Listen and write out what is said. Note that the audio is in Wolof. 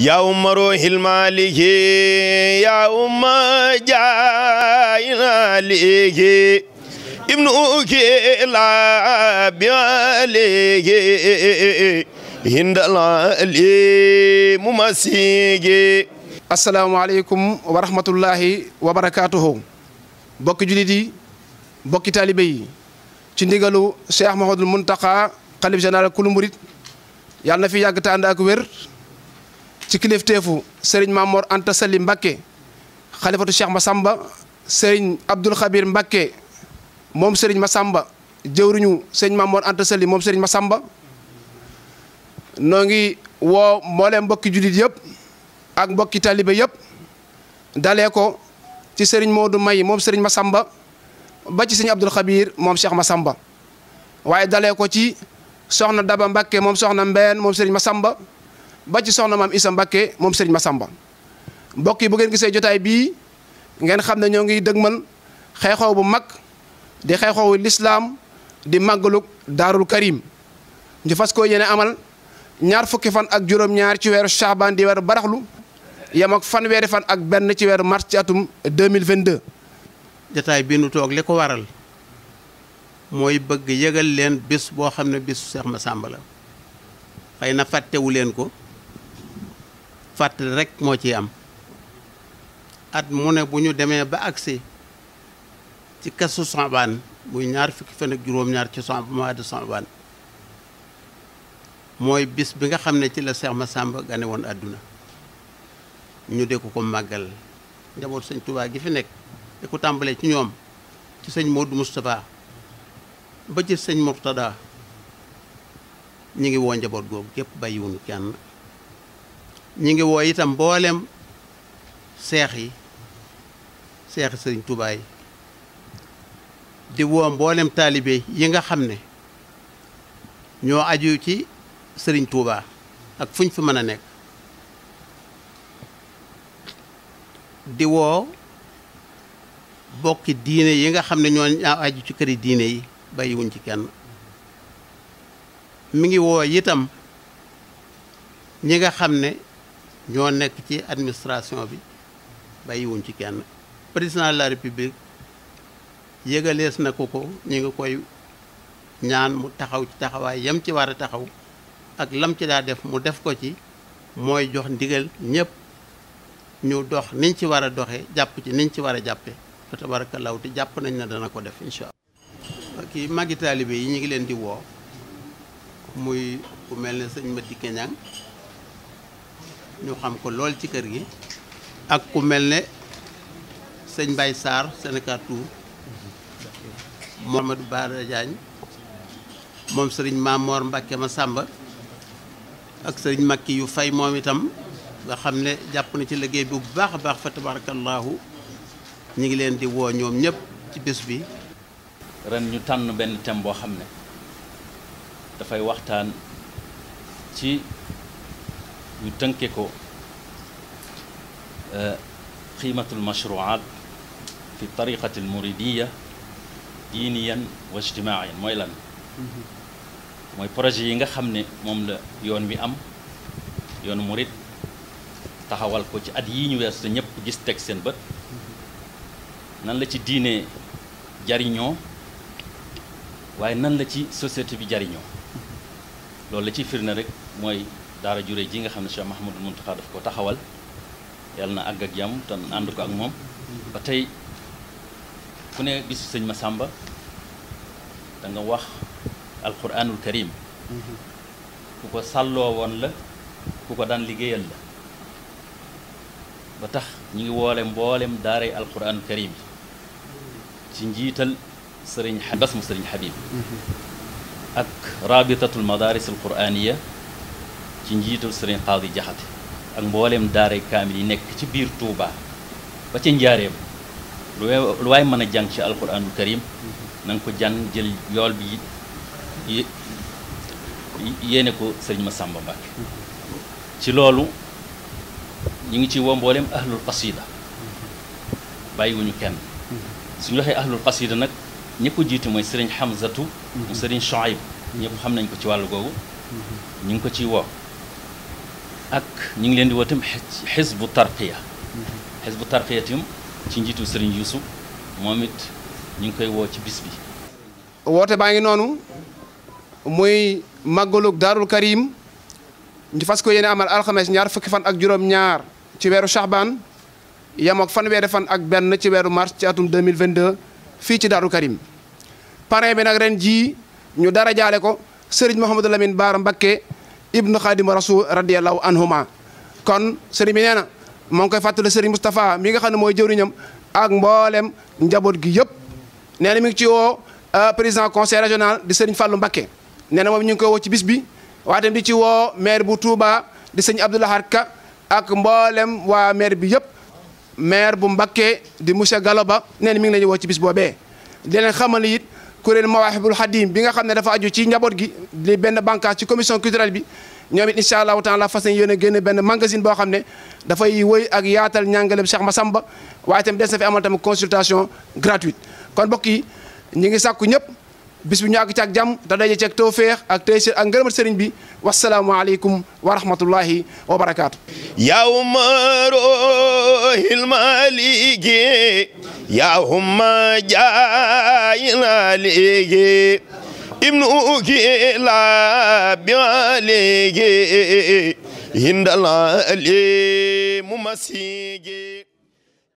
يا أم روح المالك يا أم جاين عليك ابن أكيلا بعليك هند العلي ممسيك السلام عليكم ورحمة الله وبركاته bokki jullit bokki taalibe ci ndigalu Cheikh Mouhamadoul Mountakha xalif général kulu murit yàlla na fi yàgg te ànd ci kilifteefu sëriñ Mamor Anta Sali Mbakke xalifatu ma samba sëriñ Abdoul Khabir Mbakke moom sëriñ Massamba jëwriñu sëriñ Mamor Anta Sali moom sëriñ Massamba noo ngi woo mbooleem mbokki jullit yëpp ak mbokki talibe yëpp dalee ko ci sëriñ Modou May moom sëriñ Massamba ba ci sëriñ Abdoul Khabir moom ma samba waaye dalee ko ci soxna Daba Mbakke moom soxna Mbeen moom ma samba ba ci soxna maam isa Mbakke moom Serigne Massamba mbokk yi bu ngeen gisee jotaay bii ngeen xam ne ñoo ngi dëgmal xeexoo bu mag di xeexoowu lislaam di màggalu daarul karim ñu fas koo yéene amal ñaar fukki fan ak juróom-ñaar ci weeru Chaban di weeru baraxlu yem ak weeri fan ak benn ci weeru mars ci atum 2022. jotaay bii nu toog li ko waral mooy bëgg yëgal leen bis boo xam ne bisu Seex Masàmba la xëy na fàttewu leen ko fàttali rek moo ciy am at mu ne bu ñu demee ba agsi ci kasu Saabaan muy ñaar fukki fan juróom-ñaar ci so mois de Saabaan mooy bis bi nga xam ne ci la Seex Masamba gane woon àdduna ñu de ko ko màggal njaboot sëñ tubaa gi fi nekk di ko tàmbalee ci ñoom ci sëñ Modou Moustapha ba ci sëñ Murtada ñu ngi woo njaboot googu képp bàyyiwuñu kenn ñi ngi woo itam mboolem seex yi seex sëriñ Tuubaa yi di woo mboolem taalibe yi nga xam ne ñoo aju ci sëriñ Tuubaa ak fuñ fi mën a nekk di woo bokki diine yi nga xam ne ñoo aju ci kër këri diine yi bàyyiwuñ ci kenn mi ngi woo itam ñi nga xam ne ñoo nekk ci administration bi bàyyiwuñ ci kenn président de la république yëgalees na ko ko ñu ngi koy ñaan mu taxaw ci taxawaay yam ci war a taxaw ak lam ci daa def mu def ko ci mooy jox ndigal ñëpp ñu dox niñ ci war a doxee jàpp ci niñ ci war a jàppee fa tabarakallahu te jàpp nañ na dana ko def incha allah kii magi taalibe yi ñu ngi leen di woo muy ku mel ni sëñ Madi Keñang ñu xam ko lool ci kër gi ak ku mel ne sëñ Mbaye Sarr Sénégal Tour Mouhamadou Bara Diagne moom sëriñ Mamor ma sàmba ak sëriñ Makki yu fay moom itam nga xam ne jàpp na ci liggéey bi bu baax a baax fa tabarakallahu ñu ngi leen di woo ñoom ñëpp ci bés bi. ren ñu tànn benn thème boo xam ne dafay waxtaan ci. ñu tënke ko qiimatul euh, mashruaat fi tariqati almuridiya diiniyan wa ijtimaayan mooy lan mooy projet yi nga xam ne moom la yoon wi am yoonu murid taxawal ko ci at yii ñu weesu ñëpp gis teg seen bët nan la ci diine jariñoo waaye nan la ci société bi jariñoo loolu la ciy firnde rek mooy daara jure ji nga xam ne Cheikh Mahamadul Muntaxa daf ko taxawal yàlla na àgg ak jàmm te ànd ko ak moom ba tey fu ne gisu sëñ ma sàmba danga wax alquranul karim ku ko sàlloo woon la ku ko daan liggéeyal la ba tax ñu ngi woole mboolem daaray alquranul karim ci njiital sëriñ bas mu sëriñ Habib ak rabitatul madaris alquraniya ci njiitul sëriñ Xaadi Jaxate ak mbooleem daaray kaamil yi nekk ci biir Touba ba ca njaareem lu waay mën a jàng ci alquranul karim na nga ko jàng jël yool bi yéene ko sëriñ Masamba Mbàkke ci loolu ñu ngi ci woo mbooleem ahlul qasida bàyyiwuñu kenn suñu waxee ahlul qasida nag ñi ko jiitu mooy sëriñ Hamzatu mu sëriñ Shoaib ñëpp xam nañ ko ci wàllu googu ñu ngi ko ciy woo ak ñu ngi leen di wootam xisbu tarqiya mm-hmm. xisbu tarqiya tim ci njiitu Serigne Youssou moom it koy woo ci bis bi woote baa ngi noonu muy màggalug daarul karim ñu fas ko amal alxames ñaar fukki fan ak juróom ñaar ci weeru Shahban yam fan fanweeri fan ak benn ci weeru mars ci atum 2022 fii ci daarul karim parrain bi nag ren jii ñu dara jaale ko sëriñ Mouhamadou Lamine Bara Mbacké ibnu xaadima rasul radiallahu anhuma kon sëriñ bi nee na moo ngi koy fàttali sëriñ Moustapha mi nga xam ne mooy jëwriñam ak mboolem njaboot gi yëpp nee na mi ngi ci woo euh, président conseil régional di sëriñ Fallou Mbakke nee na moom ñu ngi koy woo ci bis bi waaye tamit di ci woo maire bu Touba di sëñ Abdoulahar Ka ak mboolem waa maire bi yëpp maire bu Mbakke di monsieur Galoba nee na mi ngi leen di woo ci bis boobee di leen xamal it kuréel Mawahibul Khadim bi nga xam ne dafa aju ci njaboot gi li benn bànqaas ci commission culturelle bi ñoom it incha allahu taala fas yéene génn benn magazine boo xam ne dafay wëy ak yaatal ñàngaleem Cheikh Massamba waaye tamit des na fi amal tamit consultation gratuite kon mbokk yi ñu ngi sàkku ñëpp bis bi ñu àgg ci ak jàmm te daje ceeg tawféex ak tey ak ngërëmal sëriñ bi wasalaamualeykum wa rahmatullahi wa barakaatu. yawma ruhil maliki yawma ja لا إليه ابنك لا بعليه هند العليم مسيجي